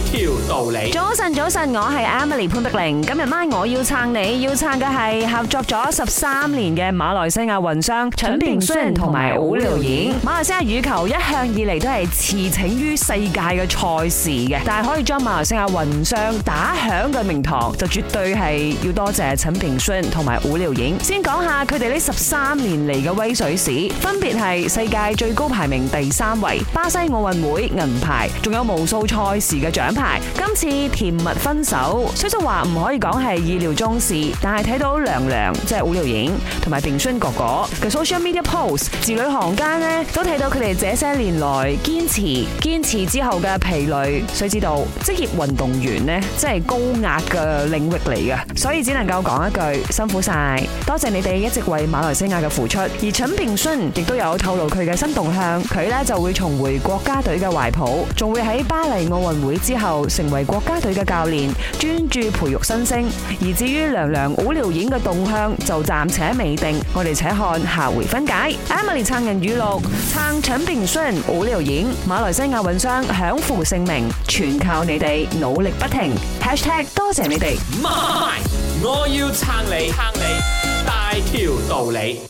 條道理。早晨，早晨，我係 Emily 潘碧玲。今日晚我要撐你，要撐嘅係合作咗十三年嘅馬來西亞混雙陳炳順同埋吳柳瑩。馬來西亞羽球一向以嚟都係馳騁於世界嘅賽事嘅，但係可以將馬來西亞混雙打響嘅名堂，就絕對係要多謝陳炳順同埋吳柳瑩。先講下佢哋呢十三年嚟嘅威水史，分別係世界最高排名第三位、巴西奧運會銀牌，仲有無數賽事嘅獎獎牌，今次甜蜜分手，雖說話唔可以講係意料中事，但係睇到娘娘，即係吳柳瑩同埋炳順哥哥嘅 social media post 字裏行間呢都睇到佢哋這些年來堅持堅持之後嘅疲累。誰知道職業運動員呢，真係高壓嘅領域嚟嘅，所以只能夠講一句辛苦晒，多謝你哋一直為馬來西亞嘅付出。而陳炳順亦都有透露佢嘅新動向，佢呢就會重回國家隊嘅懷抱，仲會喺巴黎奧運會之之後成為國家隊嘅教練，專注培育新星。而至於梁梁吳柳瑩嘅動向，就暫且未定，我哋且看下回分解。Emily 撐人語錄，撐陳炳順吳柳瑩，馬來西亞運商享負盛名，全靠你哋努力不停。#多謝你哋#，我要撐你，撐你，大條道理。